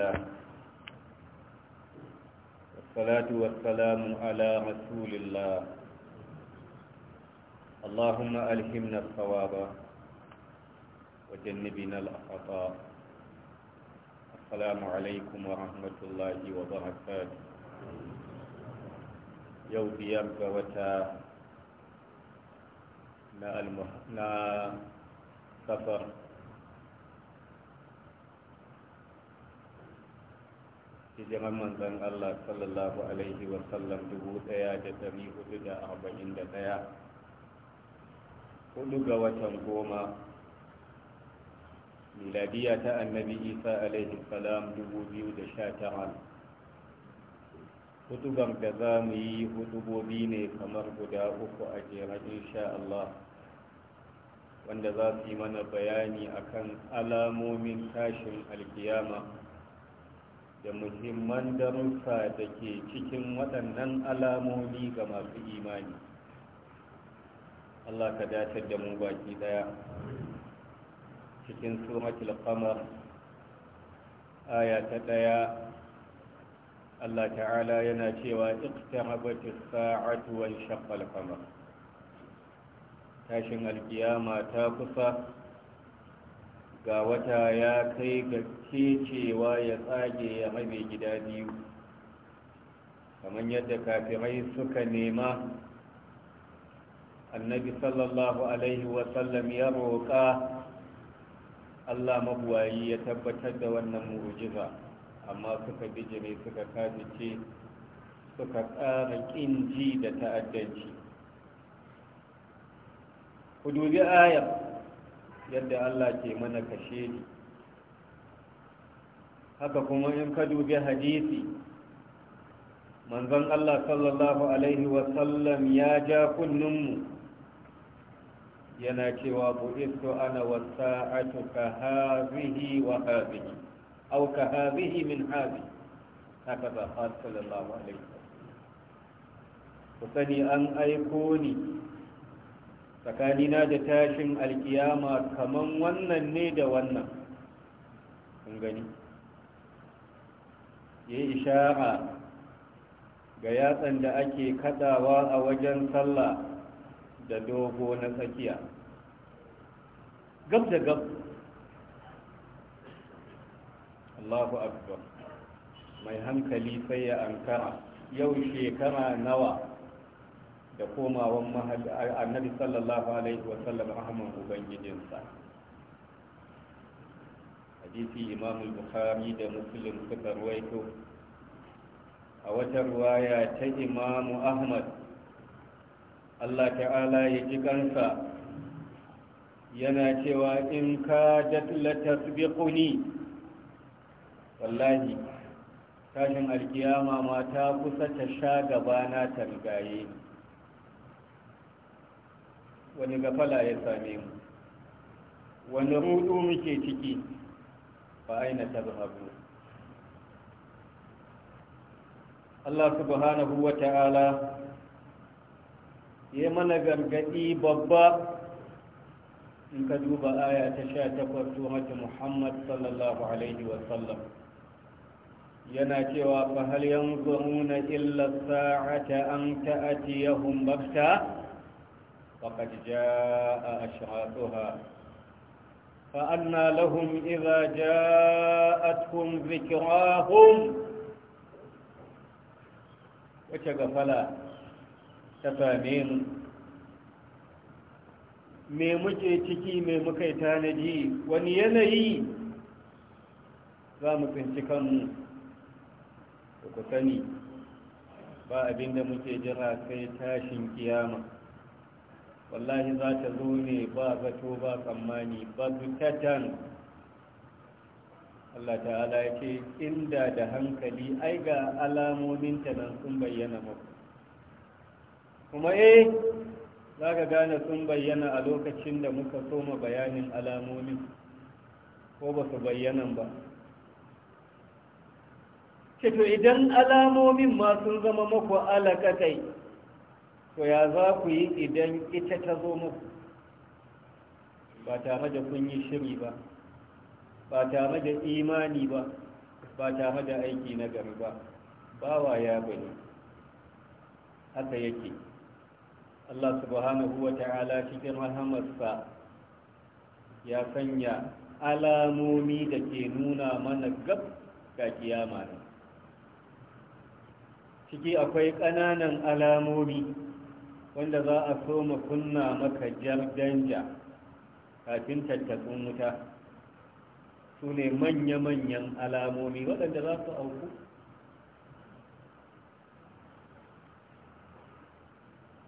الله والصلاة والسلام على رسول الله اللهم ألهمنا الصواب وجنبنا الأخطاء السلام عليكم ورحمة الله وبركاته يوم بيرجى وتا نا سفر hijiran manzan Allah sallallahu alaihi wasallam dubu daya da dari hudu da arba'in da daya hudu ga watan goma miladiya ta annabi isa alaihi salam dubu biyu da sha tara hutubar da za mu yi hutubobi ne kamar guda uku a jere insha Allah wanda za su yi mana bayani akan alamomin tashin alkiyama da muhimman darussa da ke cikin waɗannan alamomi ga masu imani Allah ka dace da mu baki daya cikin suratul qamar aya ta daya Allah ta'ala yana cewa iqtarabatis sa'atu wan shaqqal qamar tashin alqiyama ta kusa ga wata ya kai ga cewa ya tsage ya mabe gida biyu kamar yadda kafirai suka nema annabi sallallahu alaihi wasallam ya roƙa allah mabuwayi ya tabbatar da wannan mu'ujiza amma suka bijire suka kafice suka ƙara ƙin ji da ta'addanci ku dubi ayar yadda Allah ke mana kashe ni haka kuma in ka dubi hadisi manzon Allah sallallahu alaihi wasallam ya ja kunninmu yana cewa bu'istu ana wasa'atu ka hazihi wa hazihi aw ka hazihi min hazihi haka ba sallallahu alaihi wasallam ku sani an aiko ni tsakanina da tashin alkiyama kaman wannan ne da wannan kun gani ya yi isha'a ga yatsan da ake kadawa a wajen sallah da dogo na tsakiya gab da gab allahu akbar mai hankali sai ya ankara yau shekara nawa da komawan annabi sallallahu alaihi wasallam rahman ubangijinsa hadisi imam bukhari da muslim suka ruwaito a wata ruwaya ta imam ahmad allah ta'ala ya ji kansa yana cewa in ka jatla kuni. wallahi tashin alkiyama ma ta kusa ta sha gabana ta rigaye ni wani gafala ya same mu wani rudu muke ciki ba aina ta zahabu Allah subhanahu wa ta'ala ya mana gargadi babba in ka duba aya ta sha takwas tuhatu muhammad sallallahu alaihi wasallam yana cewa fa yanzu yanzuruna illa sa'ata an ta'atiyahum bakta وقد جاء أشعاتها فأنا لهم إذا جاءتهم ذكراهم وشغفلا mu? me muke ciki me muka yi wani yanayi za mu tsinci kanmu ku sani ba abinda muke jira sai tashin kiyama wallahi za ta zo ne ba zato ba tsammani ba zutatan Allah ta'ala ya ce inda da hankali ai ga alamominta nan sun bayyana maku kuma eh za ka gane sun bayyana a lokacin da muka soma bayanin alamomin ko ba su bayyanan ba to idan alamomin ma sun zama maku kai. to ya za ku yi idan ita ta zo muku ba tare da kun yi shiri ba ba tare da imani ba ba tare da aiki na gari ba bawa ya bane haka yake Allah subhanahu wa ta'ala cikin rahamarsa ya sanya alamomi da ke nuna mana gab ga kiyama ciki akwai ƙananan alamomi wanda za a so mu kunna maka jar danja kafin tattakun wuta su ne manya-manyan alamomi waɗanda za su auku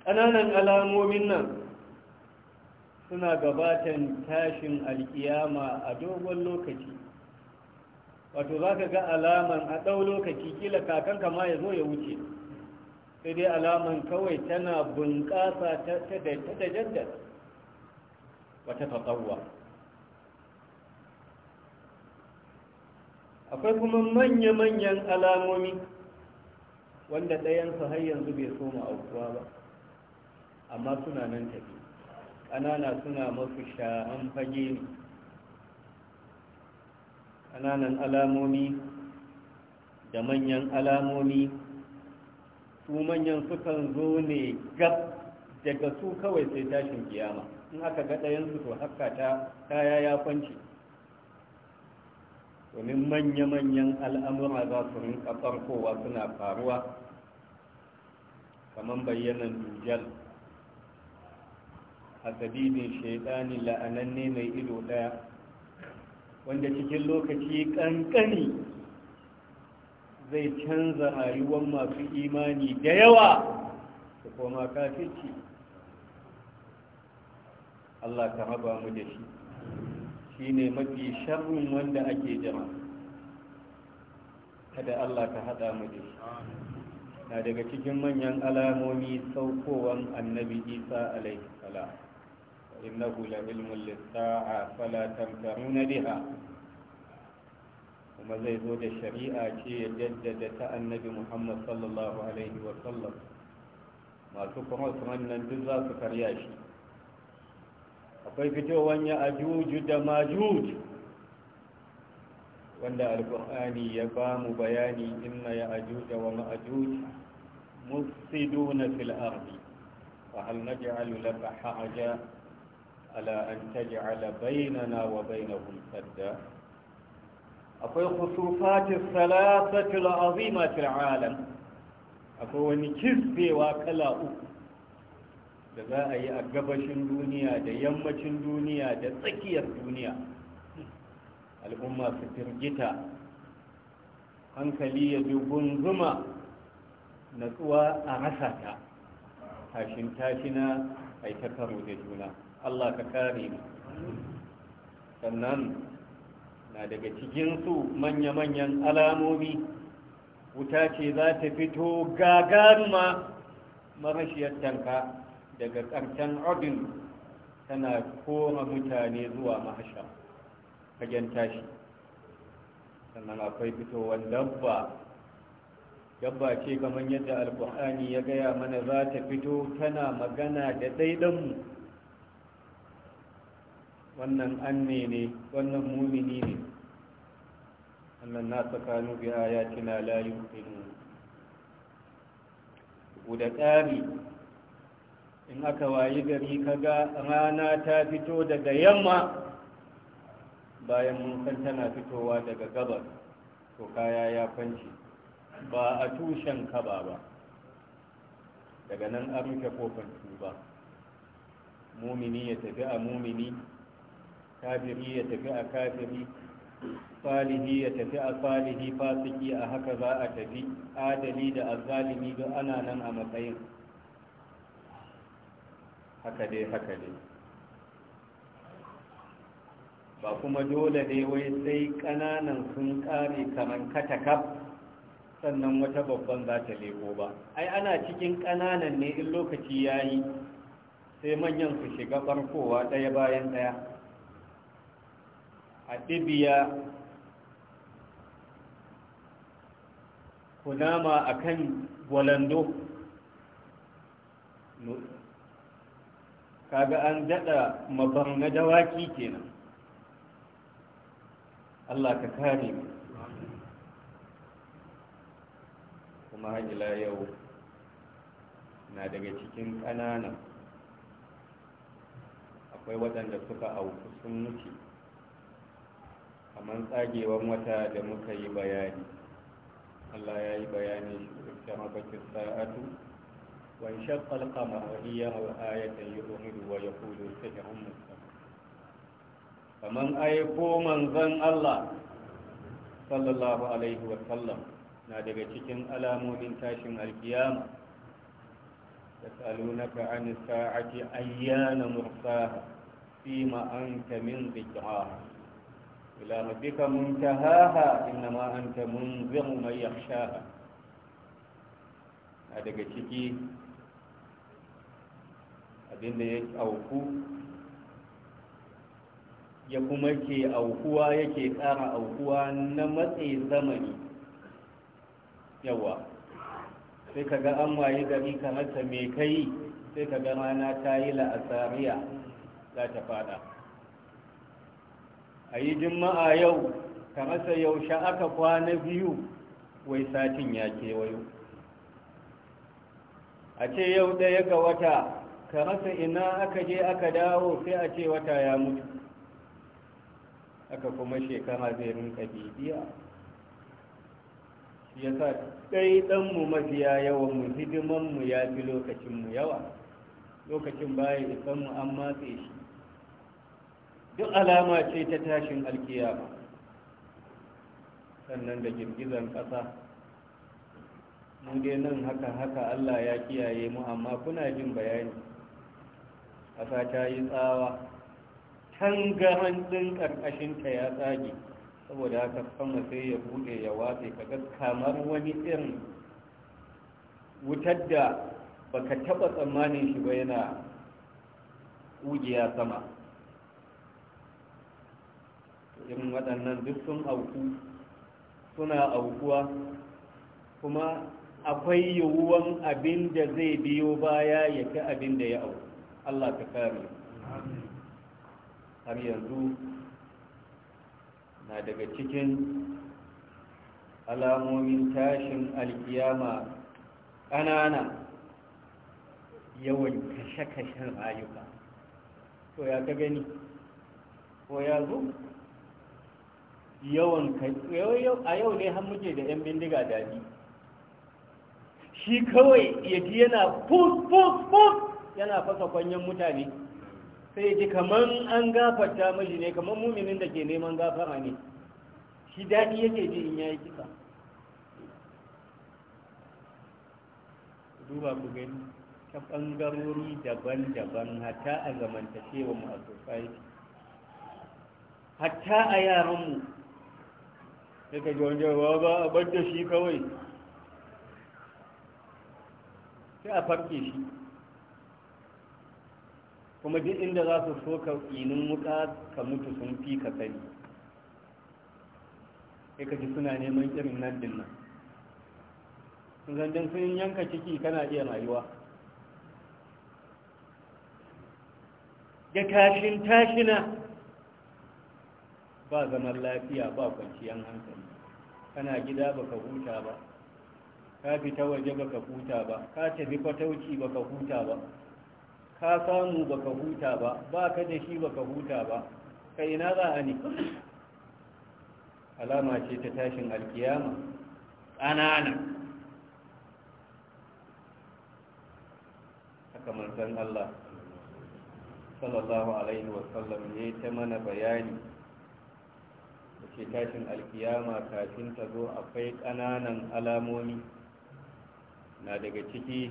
ƙananan alamomin nan suna gabatan tashin alkiyama a dogon lokaci wato za ka ga alaman a ɗau lokaci kila kakan kama ya zo ya wuce sai dai alaman kawai tana bunƙasa ta da jaddar wata taƙawa akwai kuma manya-manyan alamomi wanda ɗayansu har yanzu bai soma aukuwa ba amma suna nan tafi ƙanana suna masu sha'an fage ne ƙananan alamomi da manyan alamomi su manyan sukan zo ne gab daga su kawai sai tashin kiyama in aka ga ɗayansu to haka ta kaya ya kwanci domin manya-manyan al'amura za su rinka farkowa suna faruwa kamar bayyanan dujal a sabibin shaidani la'ananne mai ido ɗaya wanda cikin lokaci ƙanƙani zai canza rayuwar masu imani da yawa su koma kafirci Allah ka raba mu da shi shi ne mafi sharrin wanda ake jama kada Allah ka haɗa mu da shi na daga cikin manyan alamomi saukowan annabi isa alaihi salam innahu la ilmun lissa'a fala tamtaruna biha kuma zai zo da shari'a ce ya jaddada ta annabi muhammad sallallahu alaihi wasallam masu kuma nan duk za su karya shi akwai fitowar ya ajuju da majuj wanda alkur'ani ya ba mu bayani inna ya ajuja wa ma'ajuj mufsiduna fil ardi fa hal naj'alu laka ha'aja ala an taj'ala bainana wa bainahum sadda akwai khusufatis salasatil azimatil alam akwai wani kisbewa kala uku da za a yi a gabashin duniya da yammacin duniya da tsakiyar duniya al'umma su firgita hankali ya bi gunzuma natsuwa a rasa ta tashin tashina a yi ta karo da juna allah ka kare mu sannan na daga cikinsu manya-manyan alamomi wuta ce za ta fito gagaruma marashiyar tanka daga ƙarshen odin tana kora mutane zuwa mahasha fagen tashi sannan akwai fitowar dabba dabba ce kamar yadda alkur'ani ya gaya mana za ta fito tana magana da ɗaiɗanmu wannan an ne wannan mumini ne أن الناس كانوا بآياتنا لا يؤمنون ودكاري in aka wayi gari kaga rana ta fito daga yamma bayan mun tana fitowa daga gabas to kaya ya fanci ba a tushen kaba ba daga nan an rufe kofar tuba mumini ya tafi a mumini kafiri ya tafi a kafiri salihi ya tafi a salihi fasiki a haka za a tafi adali da azalimi duk ana nan a matsayin haka dai haka dai ba kuma dole ne wai sai ƙananan sun kare kamar katakaf sannan wata babban za ta leko ba ai ana cikin ƙananan ne in lokaci ya yi sai manyan su shiga barkowa ɗaya bayan ɗaya a kunama a kan gwalando kaga an daɗa mabar na dawaki kenan Allah ka kare mu kuma ila yau na daga cikin ƙananan akwai waɗanda suka auku sun mutu kamar tsagewan wata da muka yi bayani Allah ya yi bayani da mabakin sa'atu wa in shaqqal qamar wa hiya ayatan yu'midu wa yaqulu sihrun hannunsa. kamar aiko manzan Allah sallallahu alaihi wa sallam na daga cikin alamomin tashin alkiyama يسألونك an الساعة ayyana مرساها فيما أنت min ذكراها إلى ربك منتهاها إنما أنت منذر من يخشاها هذا كتكي abin da ya auku ya kuma ke aukuwa yake ƙara aukuwa na matsayin zamani yawa sai kaga an waye gari ka rasa mai kai sai kaga rana ta yi la'asariya za ta fada a yi jima'a yau ka masa yaushe aka kwana biyu wai satin ya kewayo a ce yau ɗaya ga wata ka masa ina aka je aka dawo sai a ce wata ya mutu aka kuma shekara zai rinka bibiya ya sa ɗai ɗanmu mafiya yawan mu hidimanmu ya fi lokacinmu yawa lokacin baya isanmu an matse shi duk alama ce ta tashin alkiyama sannan da girgizan ƙasa mu dai nan haka haka Allah ya kiyaye mu amma kuna jin bayani ƙasa ta yi tsawa tangaran ɗin ƙarƙashinta ya tsage saboda haka sama sai ya buɗe ya watsa, kaga kamar wani irin wutar da baka taɓa tsammanin shi ba yana ƙugiya sama irin waɗannan duk sun auku suna aukuwa kuma akwai yiwuwan abin da zai biyo baya ya fi abin da ya auku Allah ka kare har yanzu na daga cikin alamomin tashin alkiyama ƙanana yawan kashe-kashen rayuka to ya ka gani ko ya zo yawan a yau ne har muke da 'yan bindiga daji shi kawai ya ji yana pus pus pus yana fasa kwanyen mutane sai ya ji kamar an gafarta mashi ne kamar muminin da ke neman gafara ne shi daɗi yake ji in yi kisa duba ku gani ta ɓangarori daban-daban hatta a zamantakewa mu a society hatta a yaranmu sai ka ji wanda ba ba a bar da shi kawai sai a farke shi kuma duk inda za su so ka inin muka ka mutu sun fi ka sani sai ka ji suna neman irin nan din nan zandun sun yanka ciki kana iya rayuwa da tashin tashina ba zaman lafiya ba kwanciyar hankali kana gida baka huta ba ka fita waje baka huta ba ka tafi kwatauci baka huta ba ka samu baka huta ba ba ka da shi baka huta ba ka ina za a ne alama ce ta tashin alkiyama ƙanana kamar san Allah sallallahu alaihi wasallam ya yi ta mana bayani wace tashin alkiyama kafin ta zo akwai ƙananan alamomi na daga ciki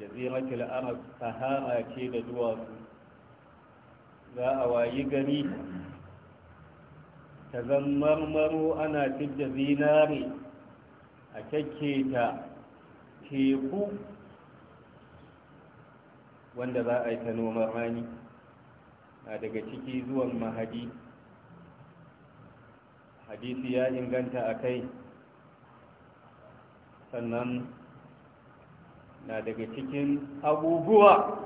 jaziratul arab sahara ce da duwatsu za a wayi gari ta zan marmaro ana fidda zinare a kyakke teku wanda za a yi ta noman rani na daga ciki zuwan mahadi hadisi ya inganta a kai sannan na daga cikin abubuwa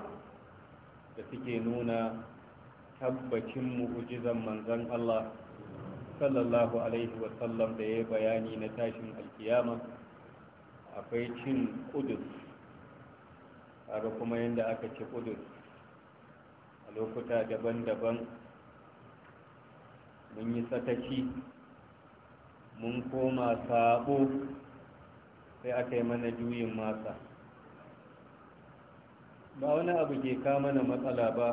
da suke nuna tabbacin mu'ujizan manzan Allah sallallahu alaihi wasallam da ya bayani na tashin alkiyama akwai cin kudus a kuma yadda aka ci kudus a lokuta daban-daban mun yi sataki. mun koma sabo sai aka mana juyin masa ba wani abu ke kamana matsala ba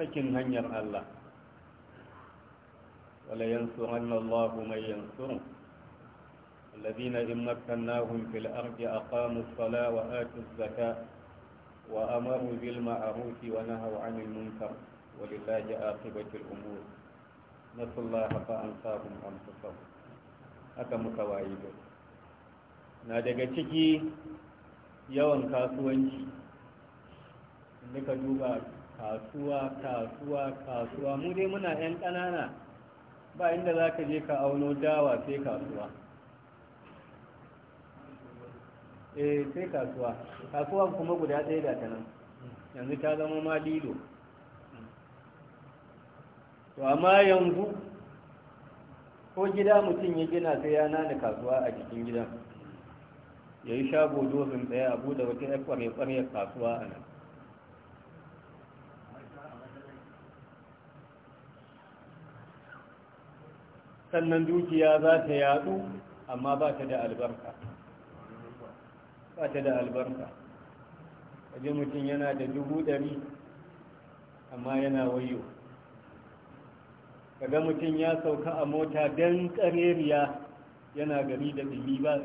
sakin hanyar Allah wala yansu hannun lahu mai yansu in makannahun fil arji a kanus fala wa artis zaka wa amaru a ruki wa nahawa anil munkar wa lillahi a tibakil nasu Allah amsa anfusahum aka muka wayi ba. na daga ciki yawan kasuwanci inda ka duba kasuwa kasuwa kasuwa mu dai muna 'yan ƙanana ba inda za ka je ka auno dawa sai kasuwa eh sai kasuwa kasuwan kuma guda ɗaya da ta nan yanzu ta zama ma dido. to amma yanzu ko gida mutum ya gina sai ya nana kasuwa a cikin gidan ya yi shago dozin tsaye a buɗe wata ya kware-kware kasuwa a nan sannan dukiya za ta yadu amma ba ta da albarka ba ta da albarka kaji mutum yana da dubu ɗari amma yana wayo kaga mutum ya sauka a mota don ƙareriya yana gari da ɗumi ba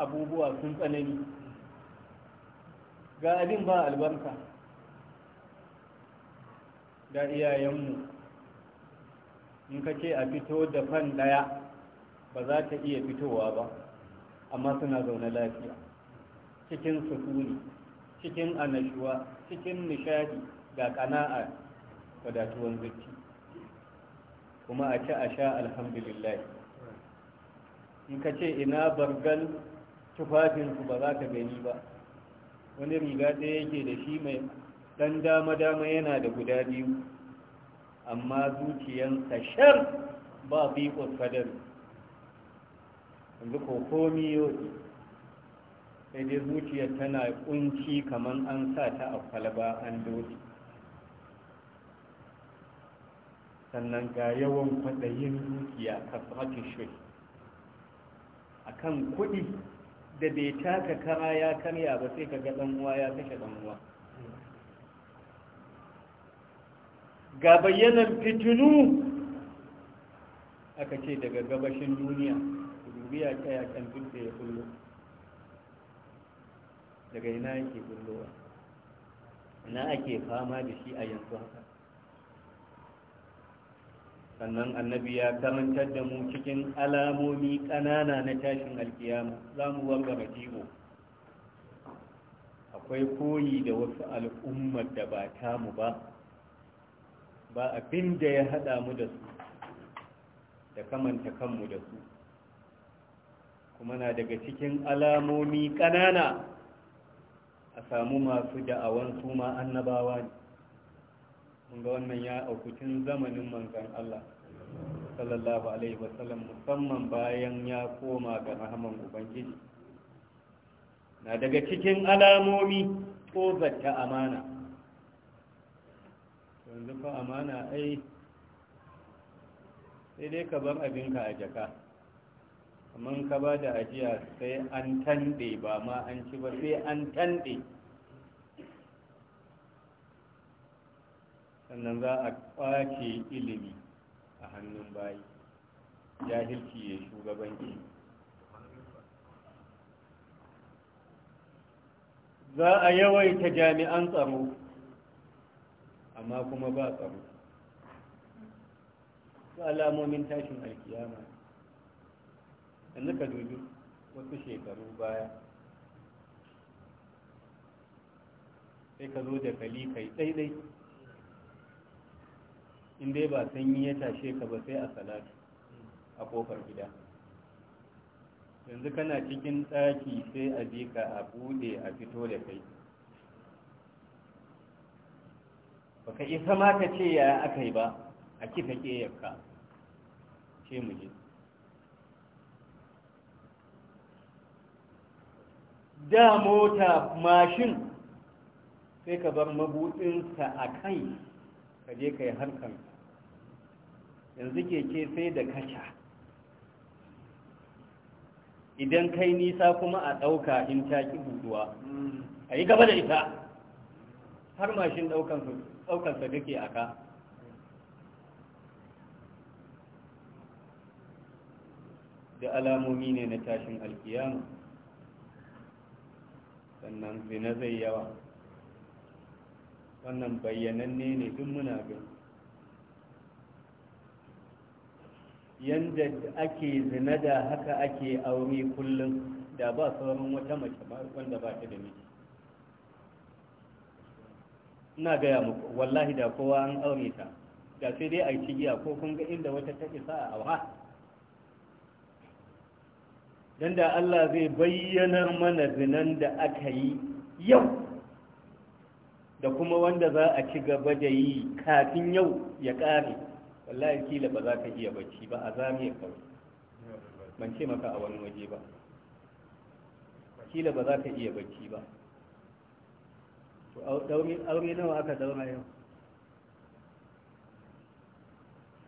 abubuwa sun tsanani ga abin ba albarka da iyayenmu in ka ce a fito da fan ɗaya, ba za ta iya fitowa ba amma suna zaune lafiya cikin sukuni cikin annashuwa cikin nishadi ga kana'a wadatuwan zuci kuma a ci a sha alhamdulillah in ka ce ina bargal tufafinsu ba za ka gani ba wani riga ɗaya yake da shi mai ɗan dama-dama yana da guda biyu amma zuciyansa shar ba biƙon kadar yanzu ko komi yau sai dai zuciyar tana kunci kamar an sa ta a kwalba an dole sannan ga yawan kwadayin dukiya tsakin shuri a kan kuɗi da bai taka kara ya karya ba sai ka ga ɗan'uwa ya kashe ɗan'uwa ga bayyanar fitinu aka ce daga gabashin duniya duniya ta yakan duk da ya kullu daga ina yake kullowa ina ake fama da shi a yanzu haka sannan annabi ya karantar da mu cikin alamomi ƙanana na tashin alkiyama za mu wanga jibo akwai koyi da wasu al'ummar da ba ta mu ba ba abin da ya haɗa mu da su da kamanta kanmu da su kuma na daga cikin alamomi ƙanana a samu masu da'awan su ma annabawa ne mun ga wannan ya auku tun zamanin manzan Allah sallallahu alaihi wasallam musamman bayan ya koma ga Rahman ubangiji na daga cikin alamomi ko zata amana yanzu fa amana ai sai dai ka bar abinka a jaka amma ka ba da ajiya sai an tanɗe ba ma an ci ba sai an tanɗe sannan za a kwace ilimi a hannun bayi jahilci ya shugabanci za a yawaita jami'an tsaro amma kuma ba tsaro su alamomin tashin alkiyama da ka dubi wasu shekaru baya sai ka zo da kali kai daidai in dai ba sanyi ya tashe ka ba sai a salatu a kofar gida yanzu kana cikin tsaki sai a bi ka a bude a fito da kai Ba ka isa ma ka ce ya aka yi ba a kifa ƙeyarka ce mu je da mota mashin sai ka bar mabuɗinsa a kai ka je ka yi harkar yanzu keke sai da kasha idan kai nisa kuma a ɗauka in ta ki buduwa a yi gaba da ita har mashin ɗaukansa kake a ka da alamomi ne na tashin alkiyama sannan zina zai yawa wannan bayyananne ne duk muna gani yanda ake zina da haka ake aure kullum da ba sauran wata mace wanda ba ta da miji ina gaya muku wallahi da kowa an aure ta da sai dai a yi cigiya ko kun ga inda wata ta isa a auha don da Allah zai bayyanar mana zinan da aka yi yau da kuma wanda za a ci gaba da yi kafin yau ya ƙare wallahi kila ba za ka iya bacci ba a zamiya kawai ban ce maka a wani waje ba kila ba za ka iya bacci ba to aure nawa aka zauna yau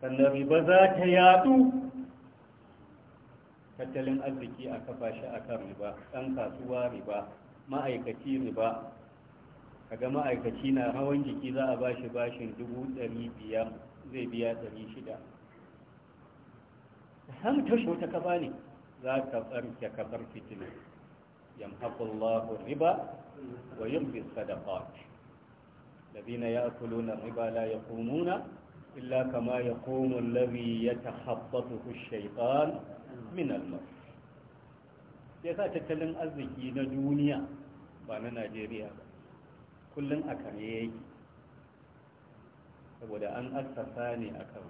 sannan riba za ta yadu tattalin arziki a kafa shi a kan riba ɗan kasuwa riba ma'aikaci riba kaga ma'aikaci na hawan jiki za a bashi bashin dubu ɗari biyar zai biya ɗari shida har ta wata ka ne. za ka tsarki ka fitina yamhaqu Allahu riba wa yumbi sadaqat الذين kama ya لا Labi ya ta يقوم ku يتخبطه min من Ya yasa tattalin arziki na duniya ba na najeriya ba kullum a kare yake saboda an asasa ne a kan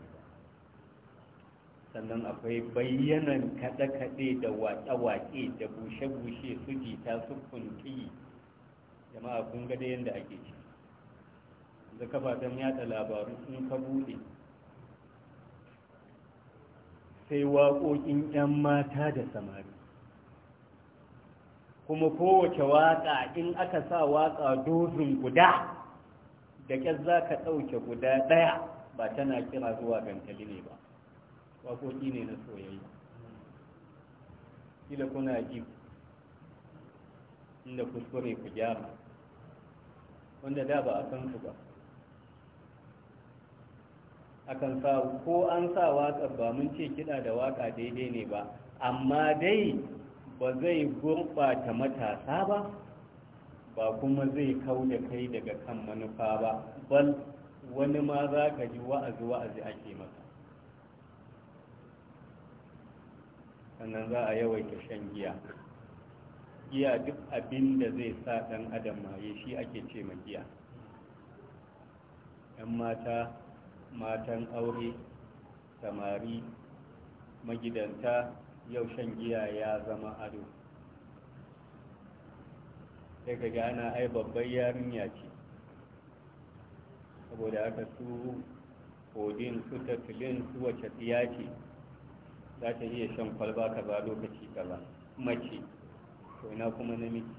sannan akwai bayyanan kaɗe-kaɗe da waƙe-waƙe da bushe-bushe su jita su kunki jama'a kun gada yadda ake ci da kafafen yada labaru sun ka buɗe sai waƙoƙin 'yan mata da samari kuma kowace waƙa in aka sa waƙa dozin guda da ƙyar za ka ɗauke guda ɗaya ba tana kira zuwa gantali ne ba waƙoƙi ne na soyayya kila kuna ji inda kuskure ku gyara wanda da ba a san su ba akan sa ko an sa waƙa ba mun ce kiɗa da waƙa daidai ne ba amma dai ba zai gurɓata matasa ba ba kuma zai kau kai daga kan manufa ba bal wani ma za ka ji wa'azi wa'azi ake masa sannan za a yawaita shan giya giya duk abin da zai sa ɗan adam maye shi ake ce ma giya ‘yan mata matan aure samari magidanta yau shan giya ya zama ado sai ka gana ai babbar yarinya ce saboda aka su kodin su tafilin su wace tsiya ce za ta iya shan kwalba ka ba lokaci kaza mace to na kuma namiji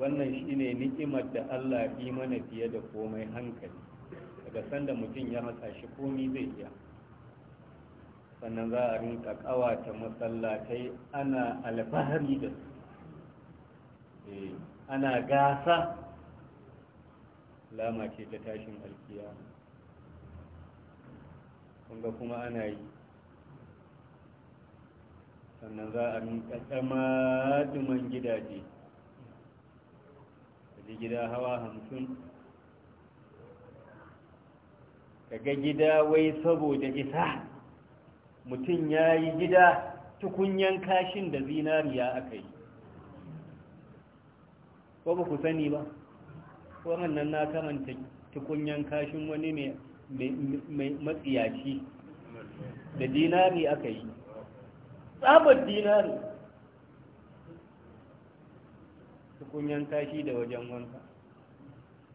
wannan shine ni'imar da Allah yi mana fiye da komai hankali daga sanda mutum ya matsa shi komi zai iya sannan za a rinka kawata masallatai ana alfahari da su Eh. ana gasa lama ce ta tashin alkiya kunga kuma ana yi sannan za a miƙaƙa maɗuman gidaje ji gida hawa hamsin kaga gida wai saboda isa mutum ya yi gida tukunyan kashin da zinariya aka yi ko ba ku sani ba wannan na karanta tukunyan kashin wani mai matsiyaci da dinari aka yi tsabar dinari tukunyan kashi da wajen wanka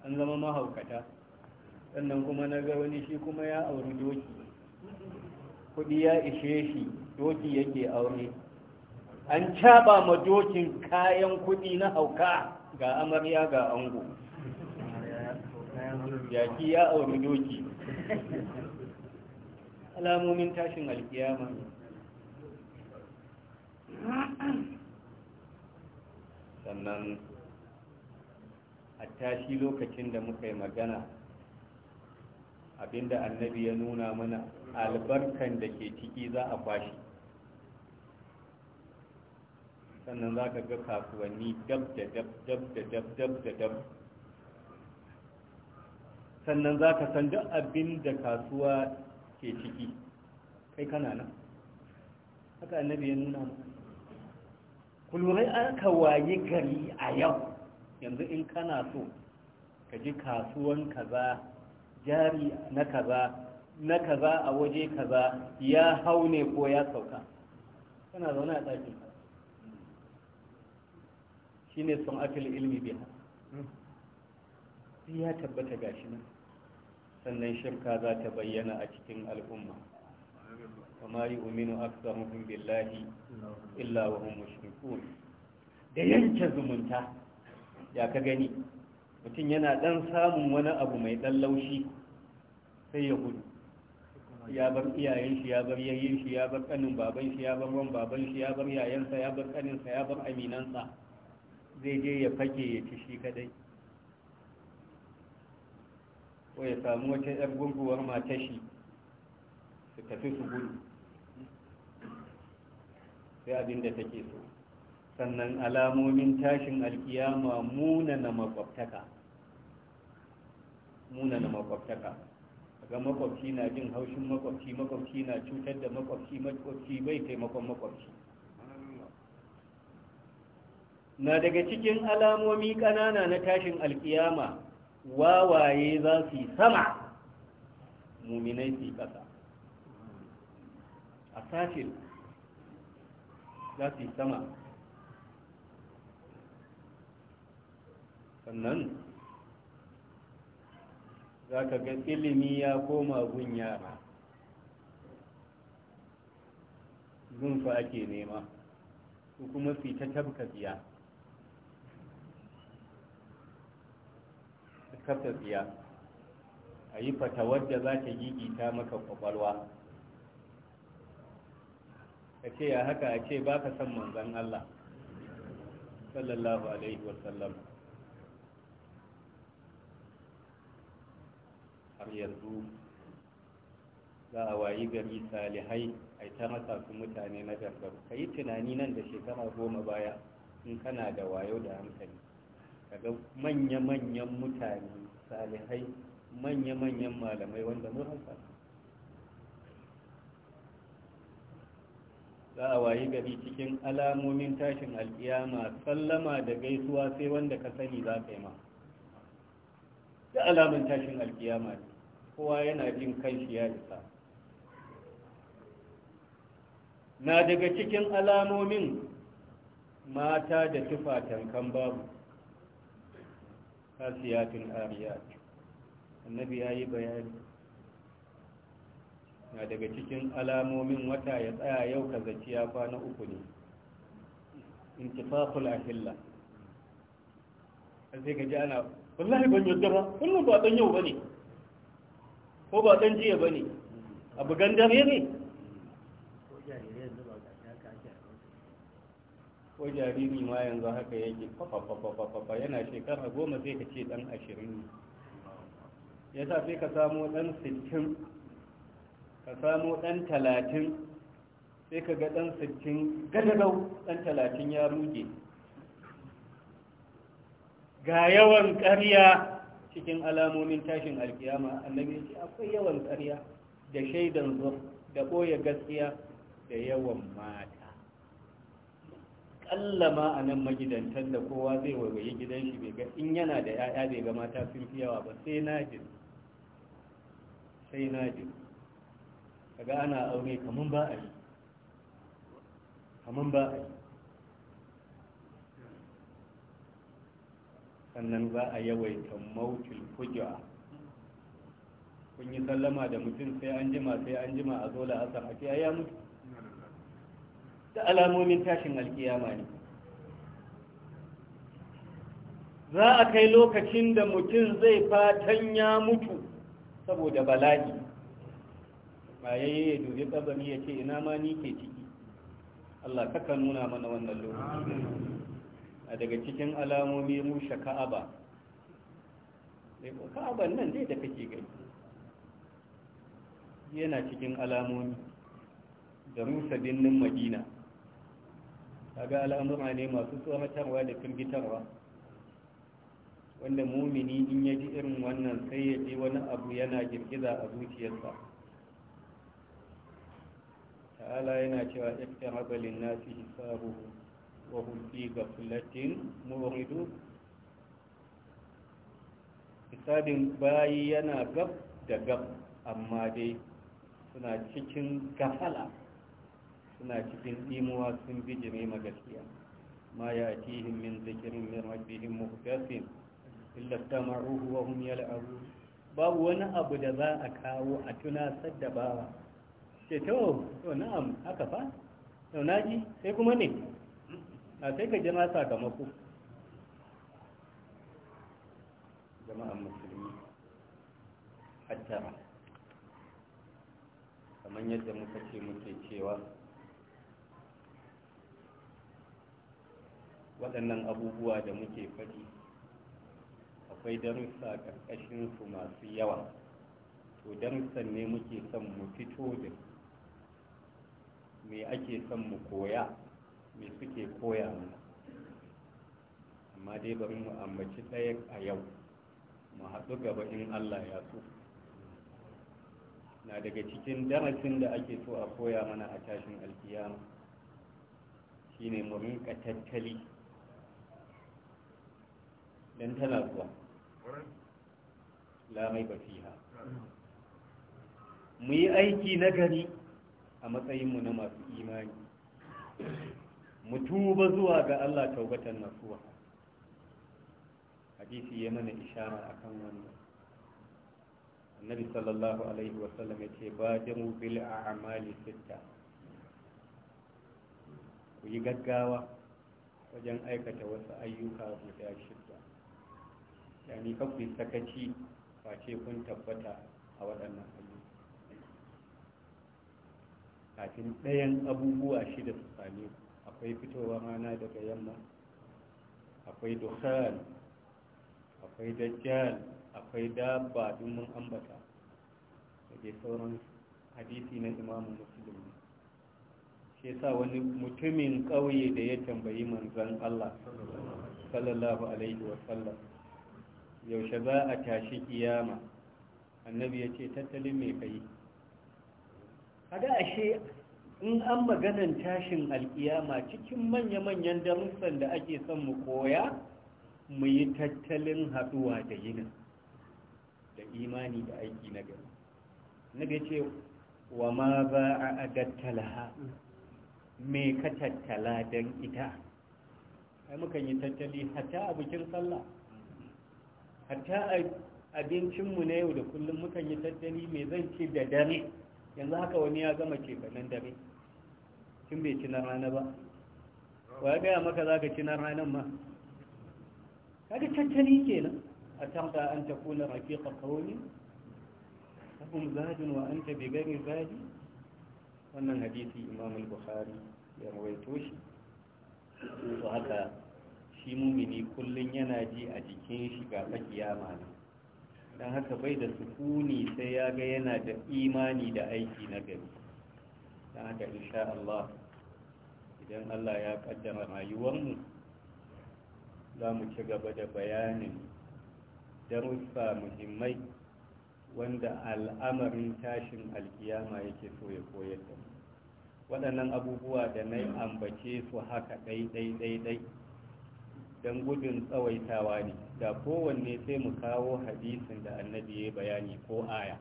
an zama mahaukata sannan kuma na ga wani shi kuma ya auri doki kudi ya ishe shi doki yake aure an caba ma dokin kayan kudi na hauka ga amarya ga ango yaki ya auri doki alamomin tashin alkiyama sannan a tashi lokacin da muka yi magana abinda annabi ya nuna mana albarkan da ke ciki za a fashi. sannan za ka ga kasuwanni dab da dab dab da dab dab da dab sannan za ka san duk abin da kasuwa ke ciki kai kana nan haka annabi ya nuna mu kulmurai aka waye gari a yau yanzu in kana so ka ji kasuwan kaza jari na kaza na kaza a waje kaza ya hau ne ko ya sauka kana zaune a tsakinka shine sun akil ilmi biha sai ya tabbata gashi nan sannan shirka za ta bayyana a cikin al'umma kama yi uminu aksaruhun billahi illa wa hum mushrikun da yanke zumunta ya ka gani mutum yana dan samun wani abu mai dan laushi sai ya gudu ya bar iyayen shi ya bar yayin shi ya bar kanin baban shi ya bar wan baban shi ya bar yayansa ya bar sa ya bar sa zai je ya fage ya ci shi kadai ko ya samu wata yar gunguwar matashi su tafi su gudu sai abin da take so sannan alamomin tashin alkiyama munana makwabtaka munana makwabtaka ga makwabci na jin haushin makwabci makwabci na cutar da makwabci makwabci bai taimakon makwabci na daga cikin alamomi ƙanana na tashin alkiyama wawaye za su sama muminai su yi ƙasa a tashin za su yi sama sannan za ka ga ilimi ya koma gun yara zunfa ake nema su kuma su ta tabka biya kasa a yi fatawar da za ta gigita maka kwakwalwa ka ce ya haka a ce ba ka san manzan Allah sallallahu alaihi wasallam har yanzu za a wayi gari salihai a ta masa su mutane na dangar ka yi tunani nan da shekara goma baya in kana da wayo da hankali kaga manya-manyan mutane salihai manya-manyan malamai wanda mun haifa za a wayi gari cikin alamomin tashin alkiyama sallama da gaisuwa sai wanda ka sani za ka yi ma da alamun tashin alkiyama ne kowa yana jin kanshi ya isa na daga cikin alamomin mata da tufatan kan babu kasiyatin ariyat annabi ya yi bayani na daga cikin alamomin wata ya tsaya yau ka zaci ya kwana uku ne intifaful ahilla sai ka ji ana wallahi ban yadda ba wannan ba dan yau ba ne ko ba dan jiya ba ne abu gandare ne ko jariri ma yanzu haka yake fafafafafafa yana shekara goma sai ka ce dan ashirin ya sa sai ka samo dan sittin ka samo dan talatin sai ka ga dan sittin gadadau dan talatin ya ruge ga yawan ƙarya cikin alamomin tashin alkiyama annabi ce akwai yawan ƙarya da shaidan zuwa da ɓoye gaskiya da yawan mata akalla a nan magidantar da kowa zai waiwaye gidan shi bai ga in yana da ya'ya bai ga mata sun fi yawa ba sai najin sai najin kaga ana aure kamun ba a yi kamun ba a yi sannan za a yawaita mautul fujwa kun yi sallama da mutum sai an jima sai an jima a zo la'asar a ya mutu da alamomin tashin alkiyama ne za a kai lokacin da mutum zai fatan ya mutu saboda bala'i bayayye ya dubi kabari ya ce ina ma ni ke ciki Allah kaka nuna mana wannan lokacin. a daga cikin alamomi rushe ka'aba ka'aban nan dai da kake gani yana cikin alamomi da rusa birnin madina kaga al'amura ne masu tsoratarwa da firgitarwa wanda mumini in ya ji irin wannan sai ya ji wani abu yana girgiza a zuciyarsa ta'ala yana cewa ikta rabalin nasi hisabu wa hulfi ga fulatin muridu hisabin bayi yana gab da gab amma dai suna cikin gafala suna cikin imuwa sun bi ma gaskiya ma ya tihin min zikirin min rabbihim muhtasin illa tamaruhu wa hum yal'abu babu wani abu da za a kawo a tuna da bawa ce to to na'am haka fa to naji sai kuma ne a sai ka jira sakamako jama'an musulmi hattara kamar yadda muka ce muke cewa waɗannan abubuwa da muke faɗi akwai darussa ƙarƙashinsu masu yawa to darussan ne muke son mu fito da me ake son mu koya me suke koya mana amma dai bari mu ambaci ɗaya a yau mu haɗu gaba in allah ya so na daga cikin darasin da ake so a koya mana a tashin alkiyama shine mu rinka tattali dan tana zuwa lamai ba fiha mu yi aiki na gari a matsayinmu na masu imani mu tuba zuwa ga Allah taubatan nasuwa hadisi ya mana ishara akan wannan annabi sallallahu alaihi wa ya ce ba jamu bil a'mali sitta ku yi gaggawa wajen aikata wasu ayyuka guda shidda yani kakwai sakaci ce kun tabbata a waɗannan ayyuka kafin ɗayan abubuwa shida su same akwai fitowa rana daga yamma akwai dukkan akwai dajjal akwai dabba mun ambata da ke sauran hadisi na imamu musulmi shi sa wani mutumin ƙauye da ya tambayi manzan Allah sallallahu alaihi wasallam yaushe za a tashi kiyama annabi ya ce tattalin mai kai kada ashe in an maganan tashin alkiyama cikin manya-manyan darussan da ake son mu koya mu yi tattalin haɗuwa da yinin da imani da aiki na gari naga ce wa ma ba a agattalaha me ka tattala don ita ai mukan yi tattali hata a bikin sallah hatta abincinmu na yau da kullum mukan yi tattali mai zan ci da dare yanzu haka wani ya gama ce kanan dare tun bai ci na rana ba wa gaya maka za ka ci na ranar ma kaga tattali kenan a tarda an ta kuna rafiqa qawli abun zadin wa anta bi gari zadi wannan hadisi imam al-bukhari ya rawaito shi to haka shi mumini kullum yana ji a jikin shi ga kiyama ne don haka bai da sukuni sai ya ga yana da imani da aiki na gari don haka insha Allah idan Allah ya kaddara rayuwarmu za mu ci gaba da bayanin darussa muhimmai wanda al'amarin tashin alkiyama yake so ya koyar da mu waɗannan abubuwa da na ambace su haka ɗai ɗai ɗai ɗai don gudun tsawaitawa ne da kowanne sai mu kawo hadisin da annabi ya bayani ko aya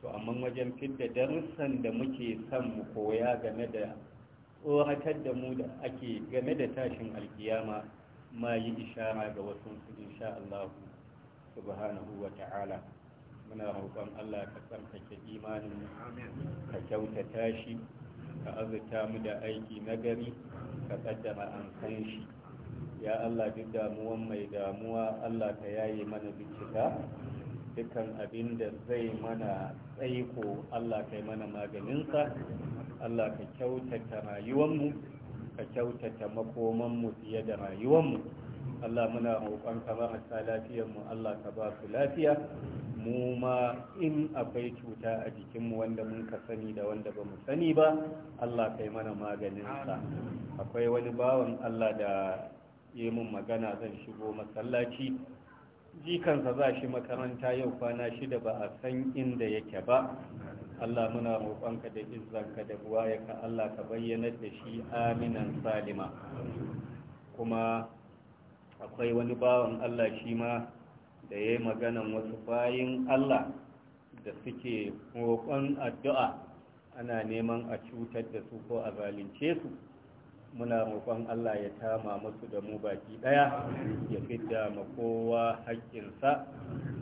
to amma wajen fidda darussan da muke son mu koya game da tsoratar da mu da ake game da tashin alkiyama ma yi ishara ga wasu su insha Allah subhanahu wa ta'ala muna roƙon Allah ka tsarkake imanin ka kyauta tashi ka azuta mu da aiki nagari ka kaddara an san shi ya Allah duk damuwan mai damuwa Allah ka yaye mana bincika dukkan abin da zai mana tsaiko Allah ka yi mana maganinsa Allah ka kyautata rayuwanmu ka kyautata makoman mu fiye da mu. Allah muna roƙon ka marasa lafiyarmu Allah ka ba su lafiya mu ma in akwai cuta a jikinmu wanda mun ka sani da wanda ba mu sani ba Allah kai mana maganinsa akwai wani bawan Allah da yi mun magana zan shigo masallaci jikansa za shi makaranta yau kwana shida ba a san inda yake ba Allah muna roƙonka da izanka da ka Allah ka bayyana da shi aminan salima kuma akwai wani bawan Allah shi ma da ya yi maganan wasu bayin Allah da suke roƙon addu'a ana neman a cutar da su ko a zalunce su muna roƙon Allah ya tama musu da mu baki ɗaya ya fidda ma kowa haƙƙinsa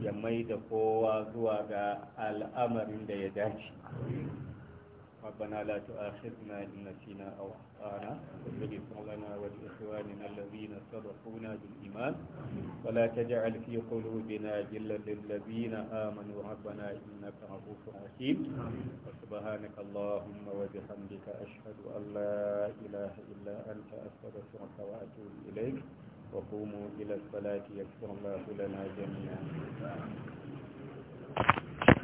ya mai da kowa zuwa ga al'amarin da ya dace ربنا لا تؤاخذنا إن نسينا أو أخطأنا واغفر لنا ولإخواننا الذين سبقونا بالإيمان ولا تجعل في قلوبنا غلا للذين آمنوا ربنا إنك رؤوف رحيم وسبحانك اللهم وبحمدك أشهد أن لا إله إلا أنت أستغفرك وأتوب إليك وقوموا إلى الصلاة يكفر الله لنا جميعا